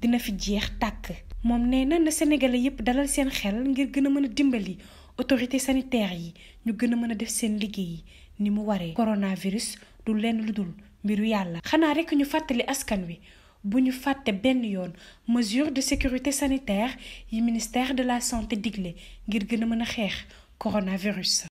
dina fi jeex tàkk. moom nee na na sénégalais yépp dalal seen xel ngir gën a mën a dimbali autorité sanitaire yi ñu gën a mën a def seen liggéey ni mu waree. coronavirus du lenn lu dul mbiru yàlla. xanaa rek ñu fàttali askan wi. bu ñu fàtte benn yoon mesure de sécurité sanitaire yi ministère de la santé digle ngir gën a mën a xeex coronavirus.